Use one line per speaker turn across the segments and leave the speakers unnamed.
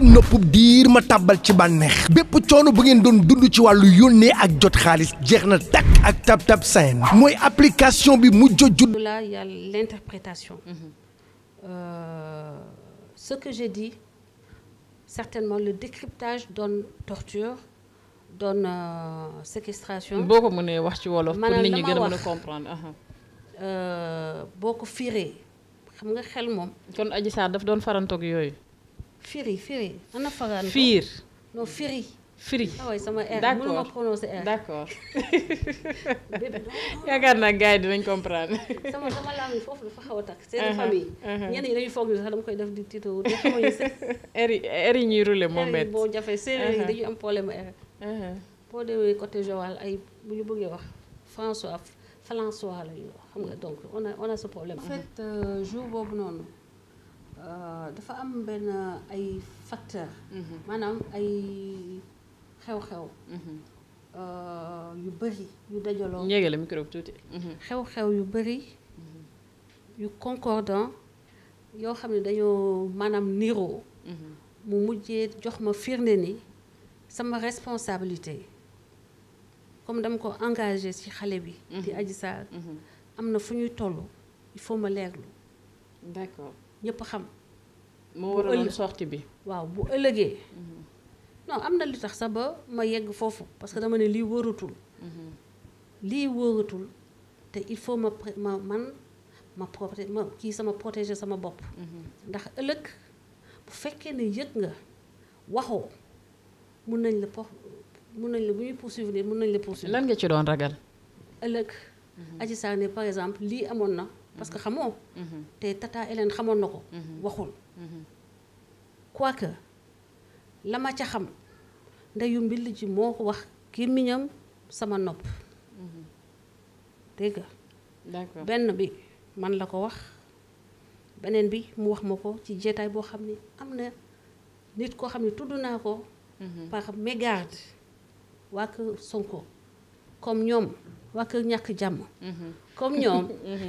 seen noppub diir ma tàbbal ci bànneex bépp coono bu ngeen doon dund ci wàllu yónnee ak jot xaalis jeex na takk ak Tab Tab Send mooy application bi mu jojjul
là la y a l'interprétation euh, ce que di dit certainement le décryptage donne torture donne euh, séquestration boo
ko mënee wax ci wolof pour nit ñi gën a mën a comprendre euh, boo ko fiiree xam nga xel moom kon Adji Sarr daf doon farantoog yooyu
firi firi ana fagaan fiir non firi firi ah,
d'accord yaakaar naa gars yi dinañ comprendre.
sama sama laamu foofu dafa xaw a takk. seen uh-huh, famille. Uh-huh. ñenn ñi dañuy foog ni sax dama koy def di tiito te xamuñu sax. air
yi air yi ñuy boo
jafe séeréer yi uh-huh. am problème demee côté Joal ay bu ñu wax François François la ñuy xam nga donc on a on a ce problème. en fait euh, jour boobu noonu. Euh, dafa am benn euh, ay facteur mm-hmm. maanaam ay xew-xew mm-hmm. euh, yu bëri yu dajaloo
njëgale micro tuuti
mm-hmm. xew-xew yu bëri yu concordant yoo xam ne dañoo maanaam niroo mu mujjee jox ma firnde ni sama responsabilité comme dama ko engagé ci xale bi di Adji Sarr am na fu ñuy toll il ma leerlu ñëpp xam. moo waraloon sortie bi waaw bu ëllëgee. Mhm. non am na li tax sax ba ma yegg foofu parce que dama ne lii wóoratul. Mhm. lii wóoratul te il faut ma ma man ma proté ma kii sama protéger sama bopp. Mhm. ndax ëllëg bu fekkee ne yëg nga waxoo mun nañ la po mun nañ la bu ñuy poursuivre mun nañ la poursuivre. lan nga ci doon ragal. ëllëg. Adji Sarr ne par exemple lii amoon na. parce que xamoo. Mm-hmm. te tata Hélène xamoon na ko. Mm-hmm. waxul. Mm-hmm. quoique la ma ca xam ndeyu mbill ji moo ko wax kii sama nopp. dégg benn bi man la ko wax beneen bi mu wax ma ko ci jeetaay boo xam ni am na nit koo xam ne tudd naa ko. par mégarde waa kër Sonko comme ñoom waa kër ñàkk jàmm. comme ñoom.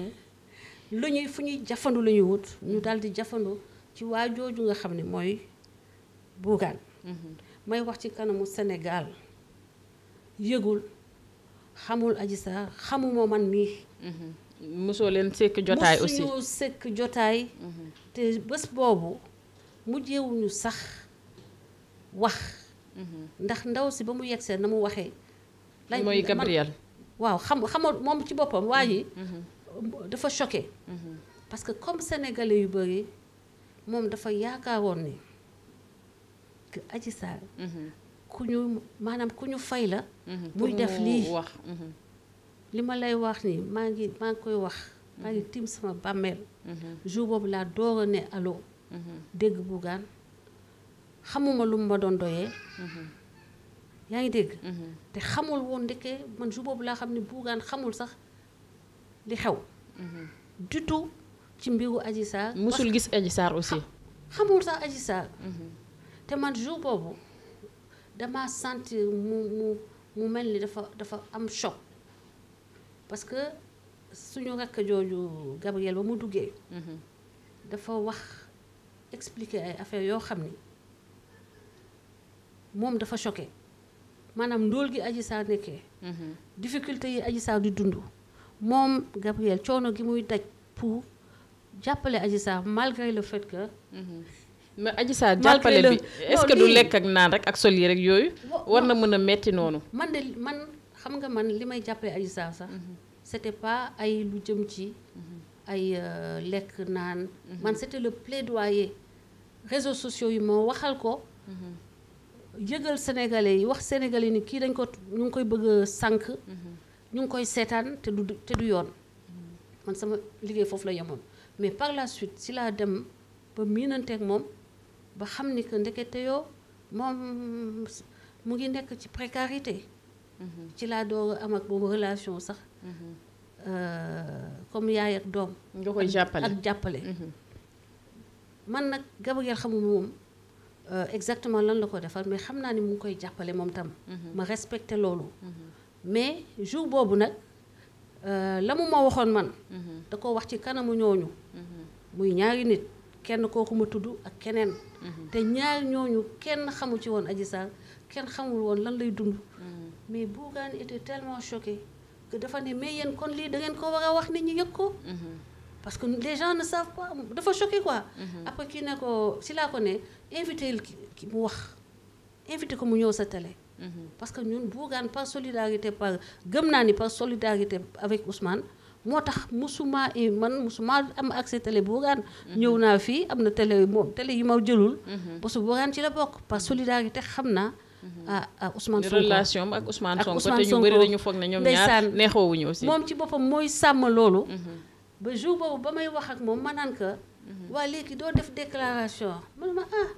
lu ñuy fu ñuy jafandu la ñuy wut ñu daal di jafandu ci waa jooju nga xam ne mooy Bougane mhm. may wax ci kanamu senegaal yëgul xamul Adji Sarr xamuma man mii mhm. mosoo leen sekk jotaay aussi jotaay mhm. te bés boobu mujjewuñu sax wax ndax ndaw si ba mu yegsee na mu waxee mooy Gabriel waaw xam xamal moom ci boppam waa ji dafa choqué. parce que comme sénégalais yu bëri moom dafa yaakaaroon ni que Adji ku ñu maanaam ku ñu fay la.
muy def lii mhm.
li ma lay wax ni maa ngi maa ngi koy wax. maa ngi tiim sama bàmmeel. Mhm. jour boobu laa door a ne allo. Mhm. dégg Bougane xamuma lu ma doon doyee. yaa ngi dégg. te xamul woon ndekkee man jour boobu laa xam ne Bougane xamul sax. li xew. Mm-hmm. du tout ci mbiru Adji Sarr. musul
gis Adji Sarr
aussi. xamul sax Adji Sarr. Mm-hmm. te man jour boobu dama sentir mu mu mel ni dafa dafa am choc parce que suñu rakk jooju Gabriel ba mu duggee. Mm-hmm. dafa wax expliquer ay affaires yoo xam ni moom dafa choqué maanaam ndóol gi Adji Sarr nekkee. difficulté yi Adji Sarr di dund. moom Gabriel coono gi muy daj pour jàppale Adji Sarr malgré le fait que. Mm-hmm. mais Adji Sarr jàppale bi est-ce que du lekk
ak naan rek ak sol yi rek yooyu. war na mën a metti noonu.
man de man xam nga man li may jàppale Adji Sarr sax. Mm-hmm. c'était pas ay lu jëm ci. Mm-hmm. ay euh, lekk naan. man c'était le plaidoyer réseaux sociaux yi moo waxal ko. yëgal sénégalais yi wax yi ni kii dañ ko ñu ngi koy bëgg a sànq. ñu ngi koy seetaan te du te du yoon man sama liggéey foofu la yemoon mais par la suite si laa dem ba miinanteeg moom ba xam ni que ndeke yoo moom mu ngi nekk ci précarité. Mhm. ci laa doo am ak boobu relation sax. Mhm. Euh, comme yaay ak doom. nga koy jàppale ak jàppale. Mhm. man nag Gabriel xamuma moom euh, exactement lan la ko defal mais xam naa ni mu ngi koy jàppale moom tam. ma respecté loolu. mais jour boobu nag euh, la mu ma waxoon man. Mhm. da ko wax ci kanamu ñooñu. Mhm. muy ñaari nit kenn kooku ma tudd ak keneen. Mhm. te ñaar ñooñu kenn xamu ci woon Adji Sarr kenn xamul woon lan lay dund. mais Bougane était tellement choqué dafa ne mais yéen kon lii da ngeen ko war a wax nit ñi yëg ko. parce que les gens ne savent pas dafa choqué quoi. après kii ne ko si laa ko ne invité ki mu wax invité ko mu ñëw sa télé. parce que ñun Bougane par solidarité par gëm naa ni par solidarité avec Ousmane moo tax musuma eh, man musuma am accès télé Bougane ñëw naa fii am na télé moom télé yi ma jëlul parce que Bougane ci la bokk par solidarité xam naa mhm. ah, ah Ousmane Sonko relation
ak Ousmane Sonko te ñu bëri dañu foog ne ñoom ñaar neexoowuñu
aussi moom ci boppam mooy sàmm loolu mhm. ba jour boobu ba may wax ak moom ma naan que mhm. waa léegi doo def déclaration man ma ah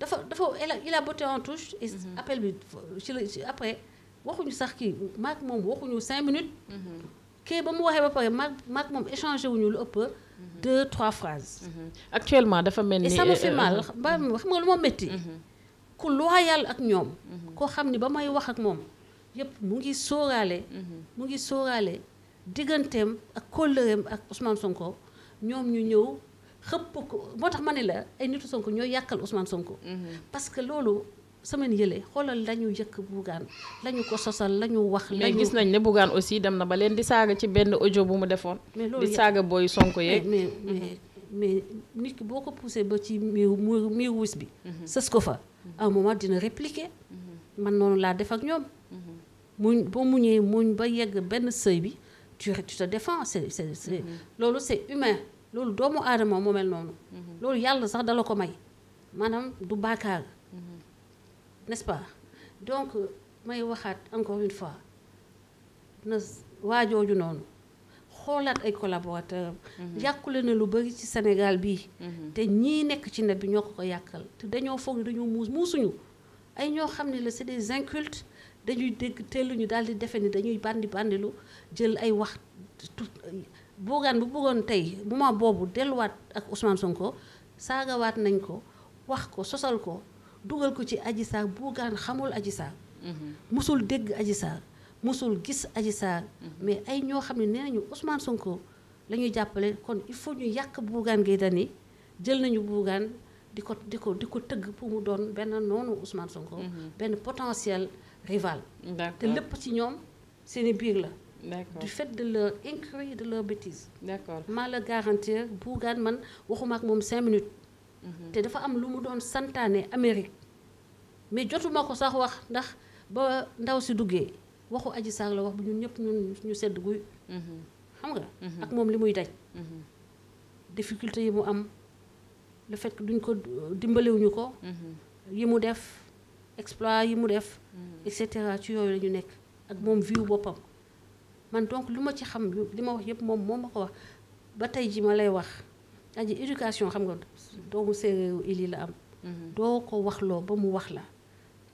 dafa dafa il a botté en touche. et mhm. appel bi ci la ci après waxuñu sax kii maak moom waxuñu cinq minutes. Mhm. kii ba mu waxee ba pare mag maak moom wu ñu lu ëpp. Mhm. deux trois phrases.
actuellement dafa
mel ni. et ça me euh, fait euh, nga lu ma métti. ku yàlla ak ñoom. koo xam ni ba may wax ak moom yépp mu ngi sóoraale. mu ngi sóoraale digganteem ak kóllëreem ak Ousmane Sonko ñoom ñu ñëw. xëpp ko moo tax ma ne la ay nitu Sonko ñoo yàqal Ousmane sonk mhm. parce que loolu semaine yële xoolal la ñu yëkk Bougane lañu
ko sosal la ñu wax. la gis nañ ne Bougane
aussi dem na ba leen
di saaga ci benn audio bu mu defoon. di saaga
booy Sonko yeeg. mais mhm. mais mais boo ko poussé ba ci miir miir wus bi. Mhm. sës ko fa à un moment dina répliquer. man noonu laa def ak ñoom. muñ boo muñee muñ ba yegg benn seuil bi tu tu te défends c'est c'est loolu c'est humain. loolu doomu aadama moo mel noonu. Mhm. loolu yàlla sax dala ko may maanaam du baakaar. Mhm. n'est-ce pas donc may waxaat encore une fois na jooju noonu xoolaat ay collaborateurs am. Mhm. na lu bari ci Sénégal bii. te ñii nekk ci net bi ñoo ko ko yàqal te dañoo foog ne dañoo muus muusuñu ay ñoo xam ne la c'est des incultes dañuy dégg telluñu daal di defe ni dañuy bandi bandilu jël ay wax Bougane bu bëggoon tey moment boobu delluwaat ak Ousmane Sonko saagawaat nañ ko wax ko sosal ko dugal ko ci Adji Sarr Bougane xamul aji Sarr mosul mhm. dégg aji Sarr mosul gis Adji Sarr mhm. mais ay ñoo xam ne nee nañu Ousmane Sonko la jàppale kon il faut ñu yàq Bougane Gueye dani jël nañu Bougane di ko di ko di ko tëgg pour mu doon benn noonu usmaan Sonko mhm. benn potentiel rival te lépp ci ñoom seeni biir la du fait de leur incurie de leur bêtise maa la garantir Bougane man waxuma ak moom cinq minutes mhm. te dafa am lu mu doon santaane Amérique mais jotuma ko sax wax ndax ba ndaw si duggee waxu aji Sarr la wax bu ñun ñëpp ñun ñu sedd guy mhm. xam nga mhm. ak moom li muy daj difficulté yi mu am le fekk duñ ko dimbaliwuñu ko yi mu def exploit yi mu def et ci yooyu la ñu nekk ak moom vie boppam man donc lu ma ci xam li ma wax yëpp moom moom ma ko wax ba tey ji ma lay wax aji éducation xam nga doomu séeréeru ili la am mhm. doo ko waxloo ba mu wax la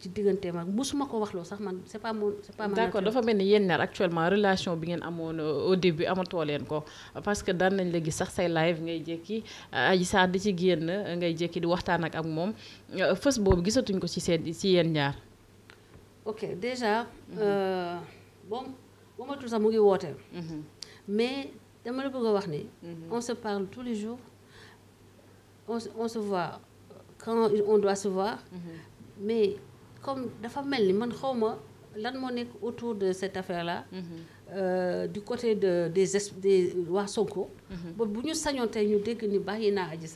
ci diggante ma musuma ko loo sax man c'est pas mon c'est pas dafa
mel ni yéen ñaar actuellement relation bi ngeen amoon euh, au début amatoo leen ko parce que daan nañ la gis sax say live ngay jékki Adji Sarr di ci génn ngay jékki di waxtaan ak ak moom euh, fës boobu gisatuñ ko ci seen ci yéen ñaar
ok déjà mhm. euh, bu ma sax mu ngi woote. mais dama la bëgg wax ni. on se parle tous les jours on se on se voit quand on doit se voir. mais comme dafa mel ni man xawma lan moo nekk autour de cette affaire la Euh, du côté de des es des waa Sonko. ba ñu sañoon tey ñu dégg ni bàyyi naa Adji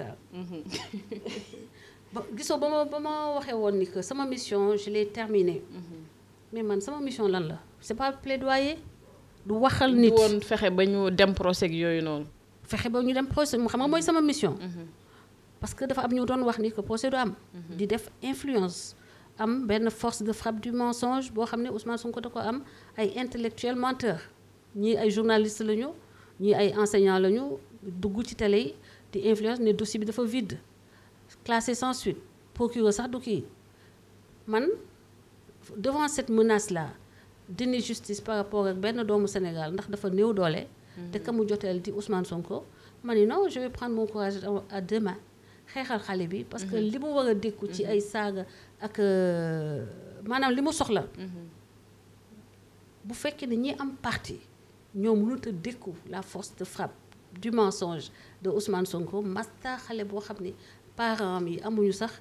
gisoo ba ma ba ma waxee woon ni que sama mission je l'ai terminée. mais man sama mission lan la c'est pas plaidoyer. du waxal nit woon fexe ba ñu dem procès yooyu noonu. fexe ba ñu dem procès mu xam nga mooy sama mission. Mhm. parce que dafa am ñu doon wax nit que procès du am. Mhm. di def influence. am benn force de frappe du mensonge boo xam ne Ousmane Sonko da ko am ay intellectuel menteur ñii ay journaliste lañu ñii ay enseignant lañu dugg ci tele yi di influence ne dossier bi dafa vide classé sans suite procureur sax du kii man devant cette menace là. dindi justice par rapport ak benn doomu Sénégal ndax dafa néew doole. Mhm. te ka mu joteel di Ousmane Sonko. ma ni non je vais prendre mon courage à deux xeexal xale bi. parce que mhm. li mu war a dékku ci mhm. ay saaga ak euh, maanaam li mu soxla. bu fekkee ne ñi am partie ñoo mënut a dékku la force de frappe du mensonge de Ousmane Sonko masta xale boo xam ne parents yi amuñu sax.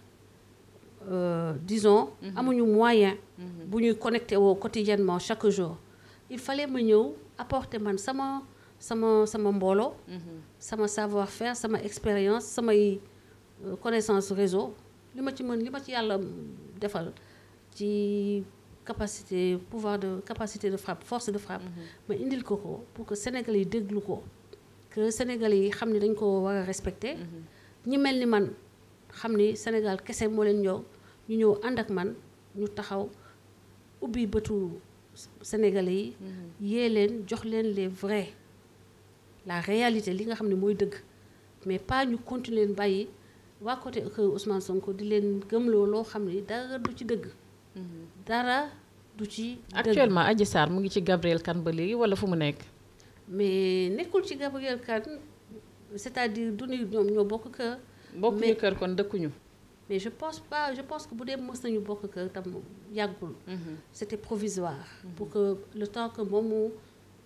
Euh, dison mhm. amuñu moyen mhm. bu ñuy connecté woo quotidiennement chaque jour il fale ma ñëw apporter man sama sama sama mbooloo mhm. sama savoir faire sama expérience samay euh, connaissance réseau li ma ci mën li ma ci yàlla defal ci capacité pouvoir de capacité de frappe force de frappe ma indil ko ko pour que Sénégal yi déglu ko que Sénégal yi xam ne dañ ko war a respecter ñi mel ni man xam ni Sénégal kese moo leen ñëw ñu ñëw ànd ak man ñu taxaw ubbi bëtu Sénégalais yi mm-hmm. yée leen jox leen les vrais la réalité li nga xam ne mooy dëgg mais pas ñu continuer leen bàyyi waa côté que Ousmane Sonko di leen gëmloo loo xam ni dara du ci dëgg
mm-hmm.
dara du ci dëgg actuellement Adji
Sarr mu ngi ci Gabriel Kane ba léegi wala fu mu nekk
mais nekkul ci Gabriel Kane c'est-à-dire du ni ñoom ñoo bokk que bokkuñu kër kon dëkkuñu. mais je pense pas je pense que bu dee mës nañu bokk kër tam yàggul. Mhm. c'était provisoire. Mhm. pour que le temps que moom mu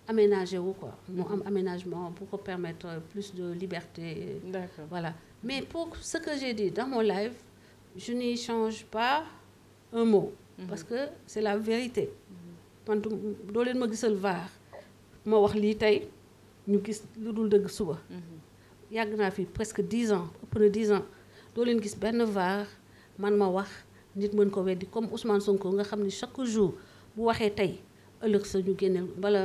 aménagé wu quoi. mu mhm. am aménagement bu ko permettre plus de liberté. d'accord voilà mais pour ce que j'ai dit dans mon live je n'y change pas un mot. parce que c'est la vérité. man doo leen ma gisal vaar ma wax lii tey ñu gis lu dul dëgg suba. yàgg naa fi presque dix ans après dix ans doo leen gis benn vaar man ma wax nit mën ko weddi comme Ousmane Sonko nga xam ne chaque jour bu waxee tey ëllëg sa ñu génneel wala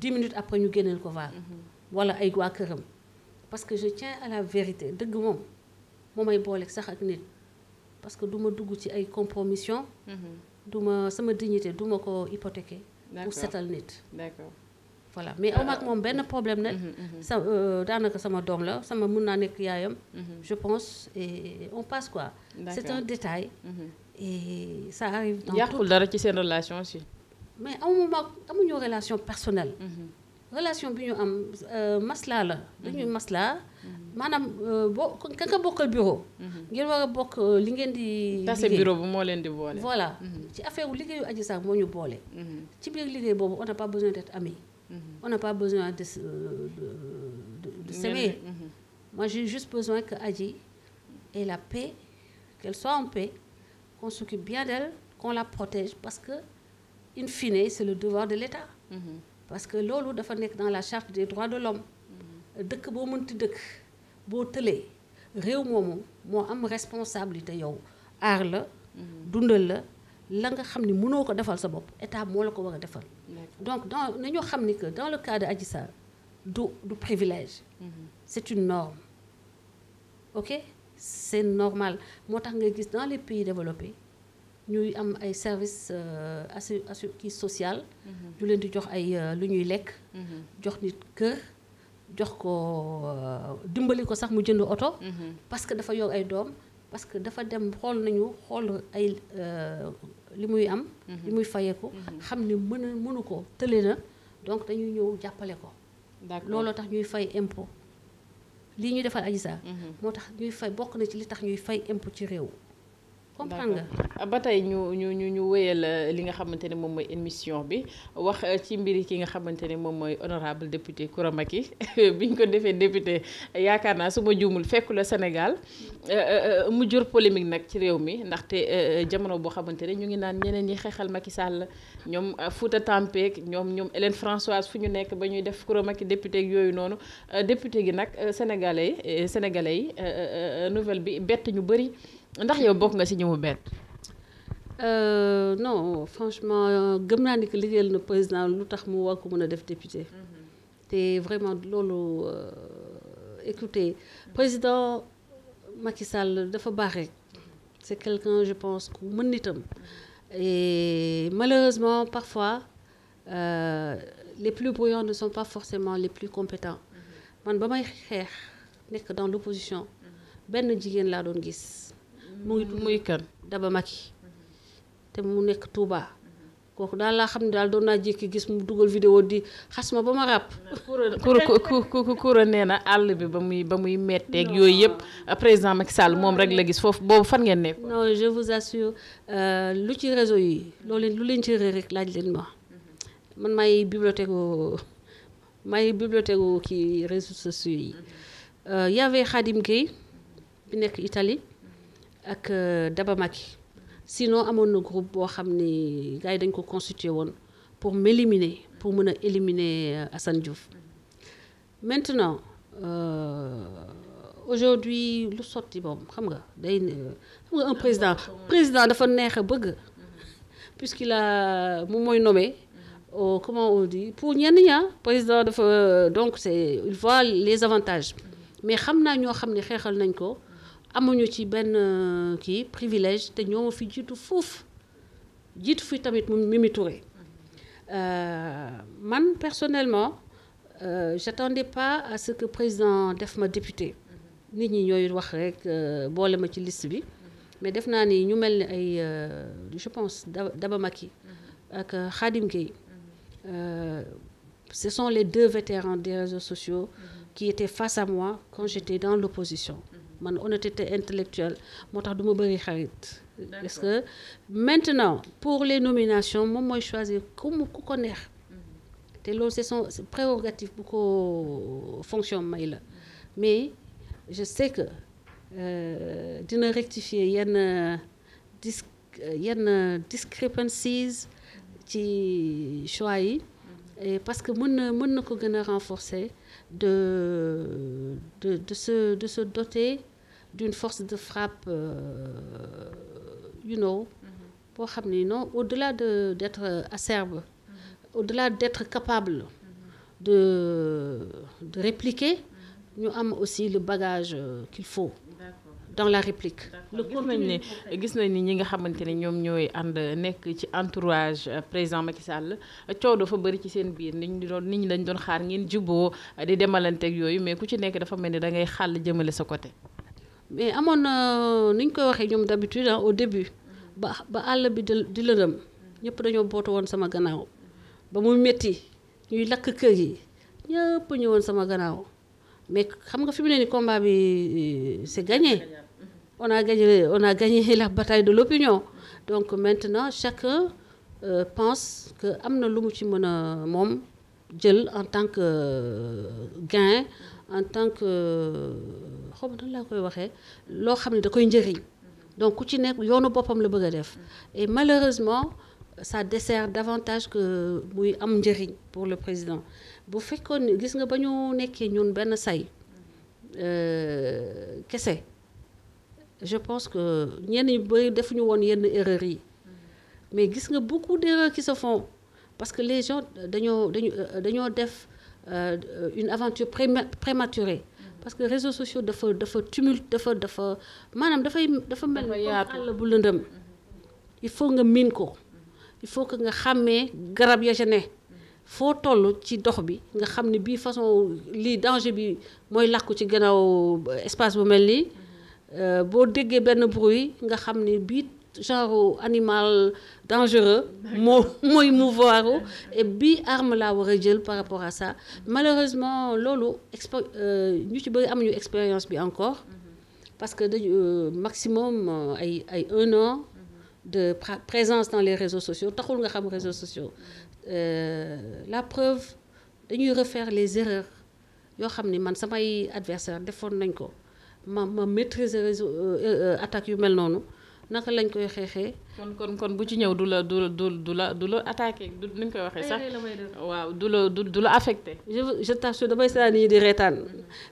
dix minutes après ñu génneel ko vaar. Mhm. wala ay waa këram. parce que je tiens à la vérité dëgg moom moo may booleeg sax ak nit parce que du ma dugg ci ay compromission. Mhm. du ma sama dignité du ma ko hypothéquer. pour setal nit. voilà mais am ak moom benn problème nag. Mhm, mhm. sa euh, daanaka sama doom la sama mun naa nekk yaayam. Mhm. je pense et quoi. c'est un détail. et ça arrive dara
ci seen relation
mais amu ma amuñu relation personnelle. relation bi ñu am euh, maslaa la. dañuy maslaa. maanaam euh, boo ka nga bokkal bureau. ngeen war a bokk li ngeen di. liggéey tase
moo leen di boole. voilà
ci affaire liggéeyu Adji Sarr moo ñu boole. ci biir liggéey boobu on n'a pas besoin d'être amis. Mhm. on n'a pas besoin de se
de
s'aimer. Mhm. juste besoin que Adji ait la paix, qu'elle en paix, qu'on s'occupe bien d'elle, qu'on la protège parce que in fine, c'est le devoir de l'État. Mhm. parce que loolu dafa nekk dans la charte des droits de l'homme dëkk boo mënti dëkk boo tëlee réew moomu moo am responsabilité yow aar la dundal la la nga xam ni mënoo ko defal sa bopp état moo la ko war a defal. donc dans ñoo xam ni que dans le cas de Adji du du privilège. Mm-hmm. c' est une norme ok c' normal moo tax nga gis dans les pays développe ñuy am ay services euh, assu assu kii social. Mm-hmm. ñu leen di jox ay euh, lu ñuy lekk. Mm-hmm. jox nit kër. jox ko euh, dimbali ko sax mu jënd oto. parce que dafa yor ay doom parce que dafa dem xool nañu xool ay li muy am. li muy fayeeku. xam ne mën a mënu ko tële na donc dañuy ñëw jàppale ko. looloo tax ñuy fay impôt lii ñu defal Adji Sarr mhm. moo tax ñuy fay bokk na ci li tax ñuy fay impôt ci réew. comprendre
nga ba tey ñu ñu ñu ñu wéyal euh, li nga xamante ne moom mooy émission bi wax euh, ci mbiri ki nga xamante ne moom mooy honorable député Coura bi ñu ko defee député yaakaar naa su ma juumul fekku la Sénégal euh, mu jur polémique nag ci réew mi ndaxte jamono boo xamante ne ñu ngi naan ñeneen ñi xeexal Macky Sall ñoom Fouta Tampeek ñoom ñoom Hélène Françoise fu ñu nekk ba ñuy def Coura Macky député ak yooyu noonu député gi nag sénégalais sénégalais yi nouvelle bi bett ñu bëri ndax yow bokk nga ci ñëwu bett.
Euh, non franchement gëm naa ni que liggéeyal na président lu tax mu war ko mën a def député. Mhm. te vraiment loolu euh, écoutez président Macky Sall dafa baax rek. c'est quelqu'un je pense ku mën nitam et malheureusement parfois euh, les plus bruyants ne sont pas forcément les plus compétents mhm. man ba may xeex nekk dans l'opposition mhm. benn jigéen laa doon gis muy muy kan Daba Macky te mu nekk Touba kooku daal laa xam ne daal doon naa jékki gis mu dugal vidéo di xas ma ba ma ràpp
kura kura nee na àll bi ba muy ba muy metteeg yooyu yëpp président Macky Sall moom rek la gis foofu boobu fan ngeen nekk
non euh, lu ci réseau yi loolu lu leen ci réer rek laaj leen ma man may bibliothèque may bibliothèque kii réseaux sociaux yi euh, y avait Khadim bi nekk itali ak euh, Daba Maki sinon amoon na groupe boo xam ni gars yi dañ ko constitué woon pour m'éliminer pour mën a éliminer euh, Assane Diouf maintenant euh, aujourd'hui lu sotti moom xam nga day xam nga un président président dafa neex a bëgg puisqu'il a moom mooy nommé au comment on dit pour ñenn ñaa ah, président dafa donc c'est il voit les avantages mais xam naa ñoo xam ni xeexal nañ ko amuñu ci benn euh, kii privilège te ñoo fi jiitu fuuf jiitu fi tamit Mimi Touré euh, man personnellement euh, j'attendais pas à ce que président def ma député nit ñi ñooy wax rek boole ma ci liste bi mais def naa ni ñu mel ni ay je pense Daba Macky ak Khadim Gueye ce son les deux vétérans des réseaux sociaux qui étaient face à moi quand dans l'opposition man honnêteté intellectuelle moo tax duma ma bëri xarit parce que maintenant pour les nominations moom mooy choisir ku ko neex mhm. te loolu c'est son prérogative bu ko fonction may la mais je sais que euh, dina rectifier yenn euh, dis euh, yenn euh, discrepancies ci choix yi mhm. et parce que mën na mën na ko gën a renforcer de, de, de, se, de se doter d'une force de frappe, euh, you know, pour mm -hmm. non, au-delà d'être acerbe, mm au-delà d'être capable mm de, de répliquer, nous avons aussi le bagage euh, qu'il faut. dans la réplique. lu gis nañ ne
gis nañ ni ñi nga xamante ne ñoom ñooy ànd nekk ci entourage euh, président Macky Sall coow dafa bëri ci seen biir ni ñu doon nit ñi dañ doon xaar ngeen juboo di demalanteeg yooyu mais ku ci nekk dafa mel ni da ngay xàll jëmale sa côté.
mais amoon na ni ñu koy waxee ñoom d'habitude au début. ba ba àll bi di lëndëm. ñëpp dañoo bootu woon sama gannaaw. ba muy métti ñuy lakk kër yi ñëpp ñëwoon sama gannaaw mais xam nga fi mu ne ni combat bi euh, c'est gagné. on a gagné, on a gagné la bataille de l'opinion donc maintenant chacun euh, pense que am na lu mu ci mën a moom jël en tant que euh, gain en tant que euh, xaw ma nan laa koy waxee loo xam ne da koy njëriñ donc ku ci nekk yoonu boppam la bëgg a def et malheureusement ça dessert davantage que muy am njëriñ pour le président bu fekkoon gis nga ba ñu nekkee ñun benn say euh, kese. je pense que ñenn ñu bëri defuñu woon yenn erreurs yi mais gis nga beaucoup d'erreurs qui sa fond parce que les gens dañoo dañu dañoo def euh, une aventure prématurée parce que réseaux sociaux dafa dafa tumulte dafa dafa maanaam dafay dafa mel ni àll bu lëndëm il faut nga miin ko il faut que nga xàmmee garab ya ca ne foo toll ci dox bi nga xam ni bii façon lii danger bi mooy làkku ci gannaaw espace bu mel nii Euh, boo déggee benn bruit nga xam ni bii genre animal dangereux moo mooy mouvoir et bii arme laa war a jël par rapport à ça malheureusement loolu expo euh, ñu ci bëri amuñu expérience bi encore mm-hmm. parce que dañu euh, maximum ay ay un an mm-hmm. de présence dans les réseaux sociaux taxul nga xam réseaux sociaux mm-hmm. la preuve dañuy refaire les erreurs yoo xam ni man samay adversaire defoon nañ ko ma ma maîtriser réseau euh, euh, euh, attaque yu mel noonu naka lañ koy xeexee.
kon kon kon bu ci ñëw du la du du du la du la attaqué du ni ñu koy waxee
sax. waaw du la du la affecté. je je t'assure damay seetaan nit ñi di reetaan.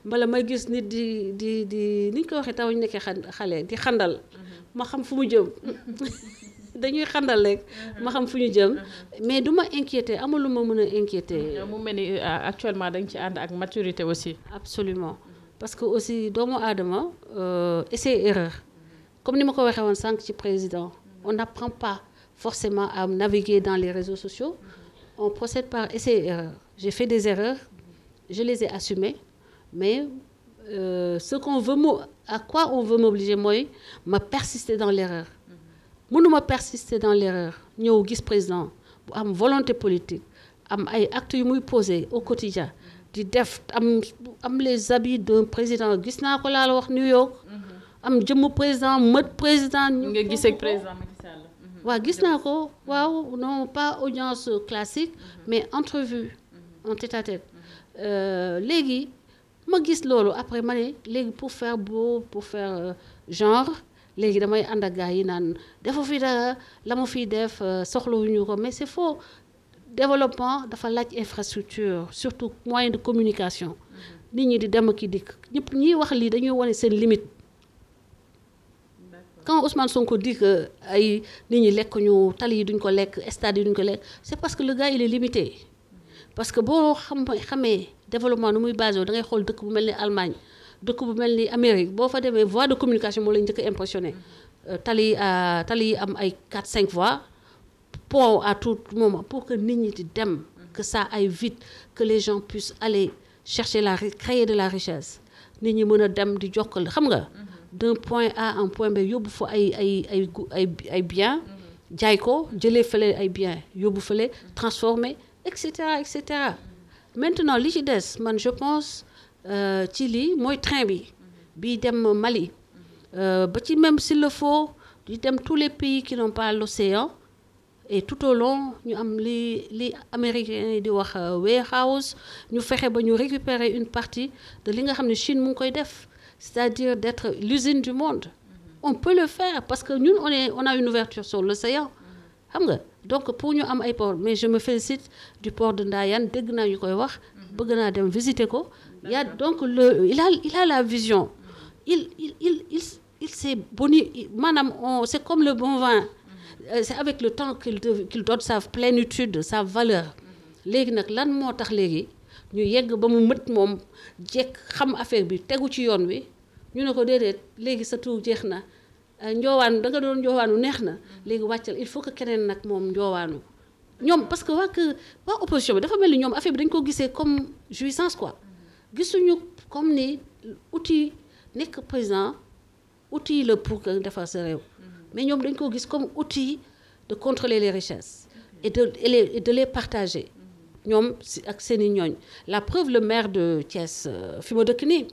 mbala ma gis nit di di di ni koy waxee taw ñu nekkee xale di xandal. Mhm. ma xam fu mu jëm. dañuy xandal rek mhm. ma xam fu ñu jëm mhm. mais du ma inquiété amul lu ma mën a inquiété. mu mel ni actuellement dañ ci ànd ak maturité aussi. absolument parce que aussi doomu aadama euh, essai erreur comme ni ma ko waxee woon sànq ci président on n'apprend pas forcément à naviguer dans les réseaux sociaux on procède par essai et erreur j'ai fait des erreurs je les ai assumées mais euh, ce qu'on veut mo à quoi on veut m'obliger mooy ma persister dans l'erreur mënuma persister dans l'erreur ñëw gis président bu am volonté politique am ay actes yu muy poser au quotidien di def am am les habits d'un président gis naa ko laa wax New York. Mhm. am jëmm président mët président. ñu nga gis ak président
mhm.
waa gis naa ko mhm. waaw no pas audience classique. mais entrevue en tête à tête. Euh, léegi ma gis loolu après ma ne léegi pour faire beau pour faire euh, genre léegi damay ànd ak gars yi naan dafa fi dara la ma fiy def euh, soxlawuñu ko mais c'est faux. développement dafa laaj infrastructure surtout moyen de communication nit ñi di dem ak dikk ñëpp ñiy wax lii dañuy wane seen limite quand Ousmane Sonko ko que ay nit ñi lekk ñu tali yi duñ ko lekk stade yi duñ ko lekk c'est parce que le gars il est limité parce que boo xam xamee développement nu muy basé da ngay xool dëkk bu mel ni Allemagne dëkk bu mel ni Amérique boo fa demee voie de communication moo lañ njëkk a mm-hmm. euh, tali euh, tali yi am ay 4 cinq voies pont à tout moment pour que nit ñi di dem que ça ay vite que les gens puissent aller chercher la créer de la richesse nit ñi mën a dem di jokkal xam nga mhm. d'un point A un point B yóbbu fa ay ay ay ay ay bien mhm. jaay ko jëlee fale ay bien yóbbu fële transformer et cetera et cetera mhm. maintenant li ci des man je pense euh, ci lii mooy train bi bi dem Mali euh, ba ci même si le faut di dem tous les pays qui n'ont pas l'océan tout au long ñu am li li américain yi di wax euh, warehouse ñu fexe ba ñu récupérer une partie de li nga xam ne Chine mu ngi koy def c'est-à-dire d'être l'usine du monde mm-hmm. on peut le faire parce que ñun on est a une ouverture sur l'océan mm-hmm. xam nga donc pour ñu am ay port mais je me félicite du port de Ndayane dégg naa ñu koy wax mm-hmm. bëgg naa dem visiter ko y donc le il la vision il il il il il maanaam c'est comme le bon vin Euh, c'est avec le temps qu'ils qu'ils donnent sa plénitude sa valeur léegi nag lan moo tax léegi ñu yegg ba mu mët moom jekk xam affaire bi tegu ci yoon wi ñu ne ko déedéet léegi sa tur jeex na euh, njoowaan da nga doon njoowaanu neex na léegi wàccal il faut que keneen nag moom njoowaanu ñoom parce que waa que waa opposition bi dafa mel ni ñoom affaire bi dañ ko gisee comme jouissance quoi gisuñu comme ni uti nekk président outil la pour que defar sa réew mais ñoom dañ koo gis comme outil de contrôler les richesses et de et les, et de les partager ñoom ak seen i ñooñ la preuve le maire de Thiès euh, fi ma dëkk nii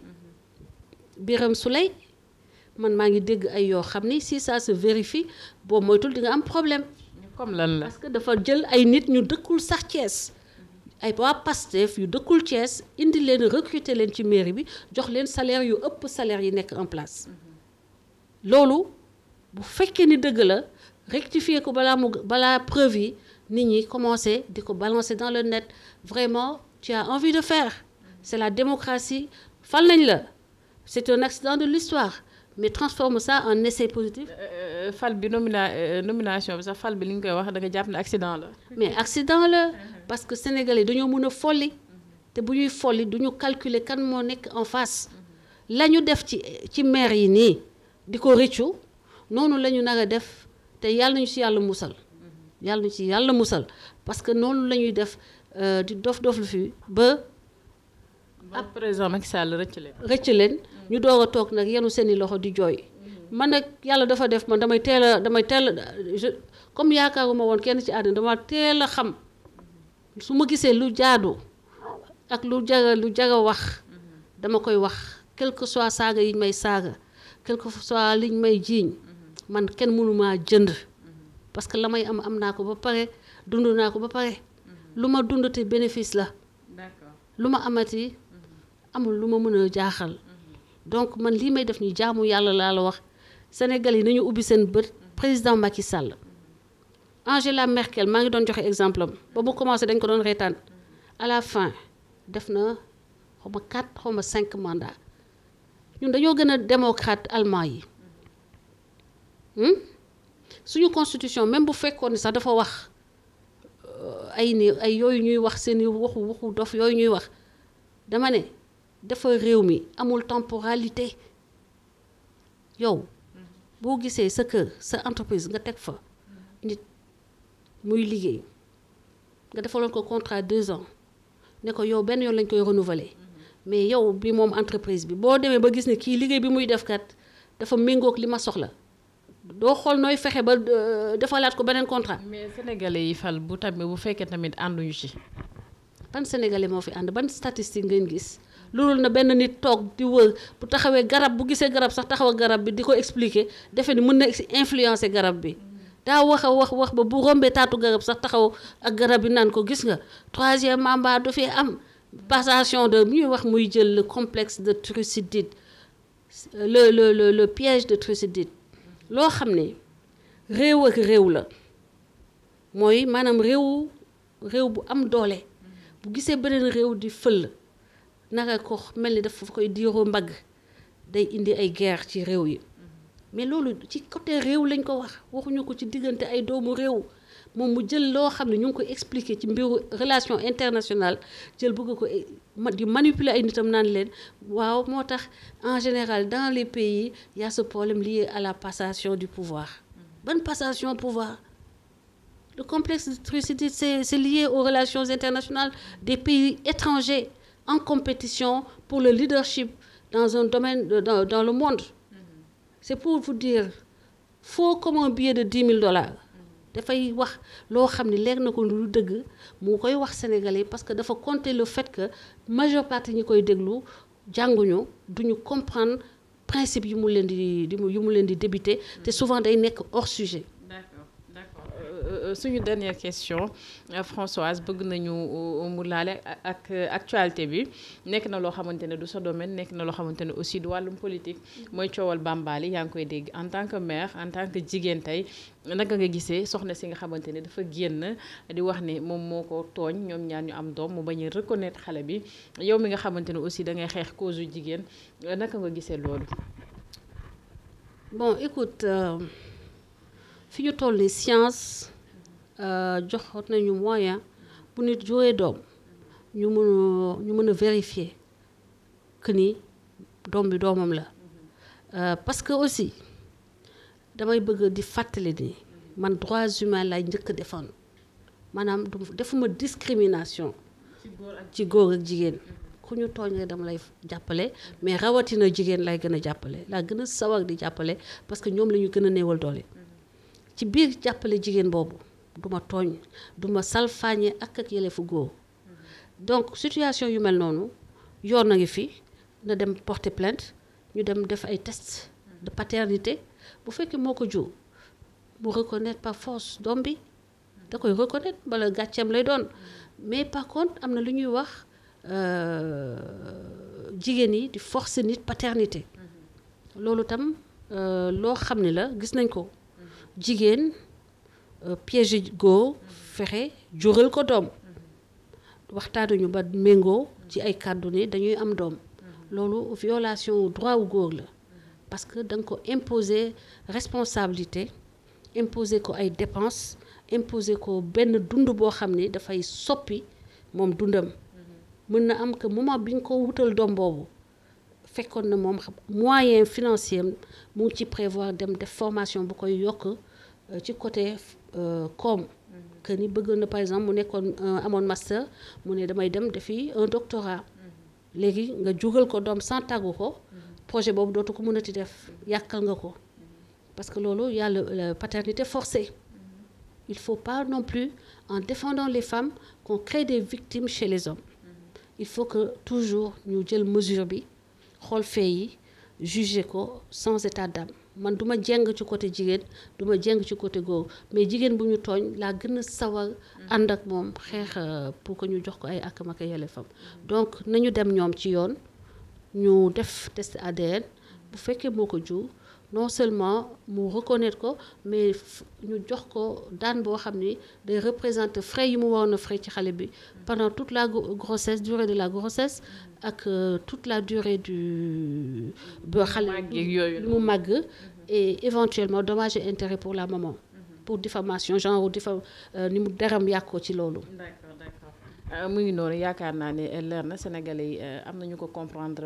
Birame suley man maa ngi dégg ay yoo xam ni si ça se vérifie boo moytul di nga am problème. comme lan la parce que dafa jël ay nit ñu dëkkul sax Thiès. ay waa Pastef yu dëkkul Thiès indi leen recruter leen ci mairie bi jox leen salaire yu ëpp salaire yi nekk en place loolu. bu fekkee ni dëgg la rectifier ko balaa mu balaa preuve yi nit ñi commencer di ko balancer dans le net vraiment tu as envie de faire c'est la démocratie fal nañ la c'est un accident de l'histoire mais transforme ça en essai positif. Euh, euh,
euh, fal bi nomina nomination bi sax fal bi li ñu koy wax da nga jàpp ne accident la.
mais accident la parce que sénégalais dañoo mën a folli te bu ñuy folli du ñu calculer kan moo nekk en face la ñu def ci ci maire yi nii di ko rëccu. noonu la ñu def te yàlla nañu ci yàlla musal yàlla ci yàlla musal parce que noonu la ñuy def euh, di dof dof lu fi ba. ab présent Macky Sall rëcc leen. rëcc leen ñu doog a toog nag yenu seen loxo di jooy. man nag yàlla dafa def man damay teel a damay teel a comme yaakaaruma woon kenn ci àddina dama teel a xam su ma gisee lu jaadoo ak lu jaga lu jaga wax dama koy wax quelque que soit saaga yi may saaga quel que soit liñ may jiiñ. man kenn mënumaa jënd parce que la may am am naa ko ba pare dund naa ko ba pare lu ma dundati bénéfice la lu ma amati amul lu ma mën a jaaxal donc man lii may def nii jaamu yàlla laa la wax Sénégal yi nañu ubbi seen bët président Macky Sall Angela Merkel maa ngi doon joxe exemple ba mu commencé dañ ko doon reetaan à la fin def na xaw ma quatre xaw ma cinq mandat ñun dañoo gën a démocrate allemand yi Hmm? suñu constitution même bu fekkoon ni sax dafa wax euh, ay ni ay yooyu ñuy wax seen waxu waxu dof yooyu ñuy wax dama ne dafa réew mi amul temporalité yow boo gisee sa kër sa entreprise nga teg fa nit muy liggéey nga defaloon ko contrat deux ans ne ko yow benn yoon lañ koy renouveler mais yow bi moom entreprise bi boo demee ba gis ne kii liggéey bi muy def kat dafa méngoog li ma soxla doo xool nooy fexe ba euh, defalaat ko beneen contrat. mais sénégalais yi fal bu tamit bu fekkee tamit ànduñu ci. ban sénégalais moo fi ànd ban statistique ngeen gis loolu na benn nit toog di wër bu taxawee garab bu gisee garab sax taxaw garab bi di ko expliquer defe ni mën na influencer garab bi. daa wax a wax wax ba bu rombee taatu garab sax taxaw ak garab bi naan ko gis nga troisième membre du fi am passation de ñuy wax muy jël le complexe de Thucydide le le le le piège de Thucydide. loo xam ne réew ak réew la mooy maanaam réew réew bu am doole bu gisee beneen réew di fël naka ko mel ni dafa koy diiroo mbagg day indi ay guerre ci réew yi mm-hmm. mais loolu ci côté réew lañ ko wax waxuñu ko ci diggante ay doomu réew moom mu jël loo xam ne ñu ngi ko expliquer ci mbiru relation internationale jël bëgg ko di manipuler ay nitam naan leen waaw moo tax en général dans les pays y a ce problème lié à la passation du pouvoir ban passation pouvoir le complexe de trucide c'est c'est lié aux relations internationales des pays étrangers en compétition pour le leadership dans un domaine dans, dans le monde mm-hmm. c'est pour vous dire faux comme un billet de dix mille dollars dafay wax loo xam ni leer na ko lu dëgg mu koy wax sénégalais parce que dafa compter le fait que majeure partie ñi koy déglu jànguñu ñu comprendre principe yu mu leen di di mu yu mu leen di débuter te souvent day nekk hors sujet
Euh, euh, suñu dernière question euh, Françoise bëgg nañu mu laale ak actualité bi nekk na loo xamante ne du sa domaine nekk na loo xamante ne aussi du wàllum politique mooy coowal Bambaali yaa ngi koy dégg en tant que mère en tant que jigéen tey naka nga gisee soxna si nga xamante ne dafa génn di wax ni moom moo ko tooñ ñoom ñaan ñu am doom mu bañ a reconnaître xale bi yow mi nga xamante ne aussi dangay xeex cause yu jigéen
naka nga gisee loolu. bon écoute fi Euh, joxoon nañu moyen bu nit juree doom ñu mën ñu mën a vérifier que ni doom bi doomam la euh, parce que aussi damay bëgg di fàttali ni man droits humains lay njëkk a défendre maanaam du defuma discrimination ci góor ak jigéen ku ñu tooñ rek dama lay jàppale mais rawatina jigéen lay gën a jàppale laa gën a sawar di jàppale parce que ñoom la ñu gën a néewal doole mm-hmm. ci biir jàppale jigéen boobu du ma tooñ du ma salfaañe ak ak yëlefu góor donc situation yu mel noonu yoon a ngi fi na dem porter plainte ñu dem def ay test de paternité bu fekkee moo ko jur mu reconnaître par force doom bi da koy reconnaître bala gàcceem lay doon mais par contre am na lu ñuy wax euh, jigéen yi di forcer nit paternité mm-hmm. loolu tam euh, loo xam ne la gis nañ ko jigéen. Euh, piégé go fexe jural ko doom waxtaanuñu ba méngoo ci ay kàddu ne dañuy am doom loolu violation droit góor la parce que da nga ko imposer responsabilité imposer ko ay dépenses imposer ko benn dund boo xam ne dafay soppi moom dundam mën na am que moment bi nga ko wutal doom boobu fekkoon na moom moyen financier mu ci prévoir dem def formation bu koy yokk euh, ci côté Euh, comme que ni bëggoon na par exemple mu nekkoon euh, amoon master mu ne damay dem defi un doctorat léegi nga jugal ko doom sans tàggu ko projet boobu dootu ko mënati def yàqal nga ko parce que loolu yàlla a la paternité forcée il faut pas non plus en défendant les femmes qu'on crée des victimes chez les hommes il faut que toujours ñu jël mesure bi xool fee yi juger ko sans état d'âme man duma jeng ci côté jigéen duma jeng ci côté googu mais jigéen bu ñu tooñ laa gën a sawar ànd ak moom xeex euh, pour ko ñu jox ko ay akam ak yelleefam mm. donc nañu dem ñoom ci yoon ñu def test ADN. bu fekkee moo ko jiw non seulement mu reconnaître ko mais ñu jox ko daan boo xam ni day représenter frais yi mu waroon a frais ci xale bi pendant toute la grossesse durée de la grossesse ak euh, toute la durée du ba xale lu mu màgg mm-hmm. et éventuellement dommages et intérêts pour la maman mm-hmm. pour diffamation genre difa euh, ni mu deram yàq ci loolu
Euh, mu ngi noonu yaakaar naa ne euh, leer na sénégalais yi euh, am nañu ko comprendre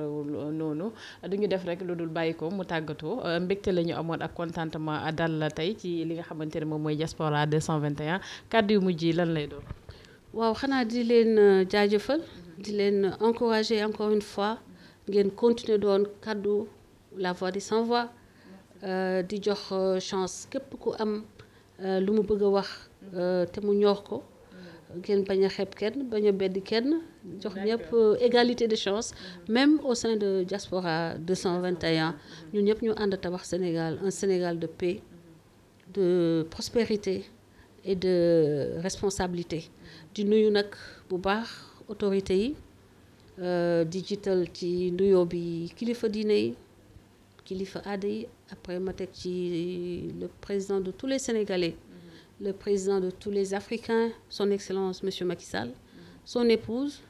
noonu du ñu def rek lu dul bàyyi ko mu tàggatoo mbégte la ñu amoon ak contentement dal la tey ci li nga xamante ne moom mooy diaspora 221 kàddu yu mujj yi lan lay doon.
waaw xanaa di leen jaajëfal. di leen encourager encore une fois ngeen continuer doon kàddu la voix de sans voix di jox chance képp ku am lu mu bëgg a wax te mu ñor ko. kenn bañ a xeeb kenn bañ a bedd kenn jox ñëpp euh, égalité de chance mm-hmm. même au sein de diaspora 221 mm-hmm. ñun ñëpp ñu ànd tabax Sénégal un Sénégal de paix mm-hmm. de prospérité et de responsabilité di nuyu nag bu baax autorités yi euh, di jiital ci nuyoo bi kilifa diine yi kilifa aada yi après ma teg ci le président de tous les Sénégalais le président de tous les Africains, son Excellence Monsieur Macky mm-hmm. son épouse,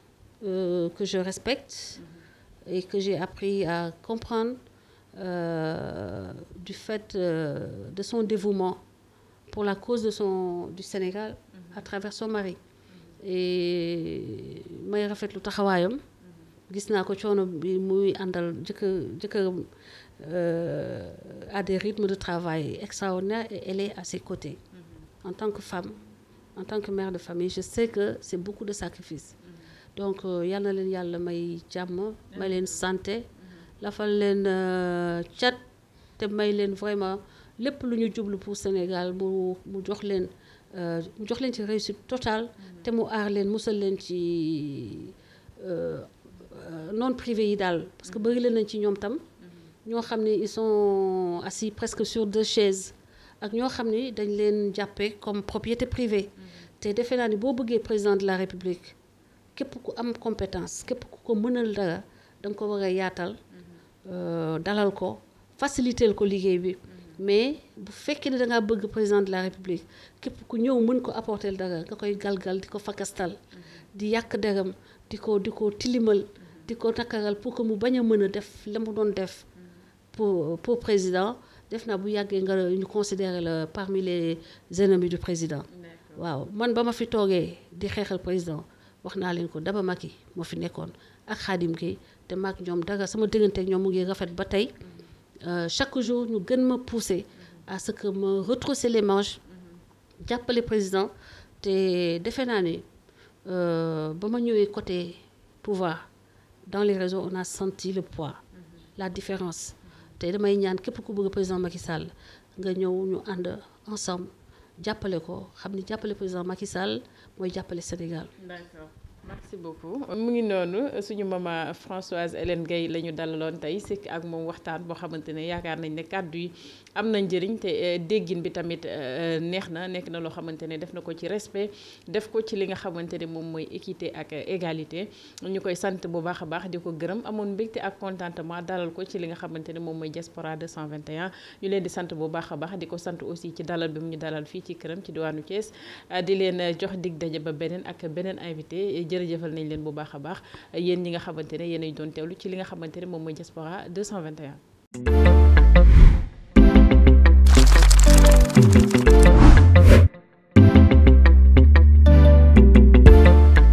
euh, que je respecte mm-hmm. et que j'ai appris à comprendre euh, du fait euh, de son dévouement pour la cause de son, du Sénégal mm-hmm. à travers son mari. et may rafetlu taxawaayam. gis naa ko coono bi muy àndal jëkkër jëkkëram euh, à des rythmes de travail extraordinaires et elle est à ses côtés. en tant que femme en tant que mère de famille je sais que c'est beaucoup de sacrifices donc euh, yal leen yàlla may jàmm may leen santé lafal leen euh, cat te may leen vraiment lépp lu ñu jublu pour Sénégal mu mu jox leen euh, mu jox leen ci réussite totale te mu aar leen musal leen ci non privé yi daal parce que bëri leen ci ñoom tam ñoo xam ne ils sont assis presque sur deux chaises ak ñoo xam ni dañ leen jàppe comme propriété privée te defe naa ni boo bëggee président de la république képp ku am compétence képp ku ko mënal dara da nga ko war a yaatal euh, dalal ko faciliter ko liggéey bi mais bu fekkee ne da bëgg président de la république képp ku ñëw mën ko apporter dara nga koy galgal di ko fakastal di yàq deram di ko di ko tilimal di ko nakaral pour ko mu bañ a mën a def la mu doon def pour pour président def naa bu yàggee nga ñu considérer la parmi les ennemis du président. waaw man ba ma fi toogee di xeexal président wax naa leen ko Daba Macky moo fi nekkoon ak Khadim Gueye te maak ñoom dara sama diggante ak ñoom mu ngi rafet ba tey mm-hmm. euh, chaque jour ñu gën ma pousser mm-hmm. à que ma retrousser les manches mm-hmm. jàppale président te defe naa ne euh, ba ma ñëwee côté pouvoir dans les réseaux on a senti le poids la différence. te damay ñaan képp ku bëgg président Macky Sall nga ñëw ñu ànd ensemble jàppale ko xam ni jàppale président Macky Sall mooy jàppale Sénégal.
merci beaucoup mu ngi noonu suñu maman Françoise Hélène Guèye la ñu dalaloon tey sikk ak moom waxtaan boo xamante ne yaakaar nañ ne kàddu yi am na njëriñ te euh, déggin bi tamit euh, neex na nekk na loo xamante ne def na ko ci respect def ko ci li nga xamante ne moom mooy équité ak égalité ñu koy sant bu baax a baax di ko gërëm amoon mbégte ak contentement dalal ko ci li nga xamante ne moom mooy de diaspora 221 ñu leen di sant bu baax a baax di ko sant aussi ci dalal bi ñu dalal fii ci këram ci diwaanu Thiès di leen euh, jox dig daje ba beneen ak beneen invité jërëjëfal nañ leen bu baax a baax yéen ñi nga xamante ne yéen doon lu ci li nga xamante ne moom mooy diaspora
221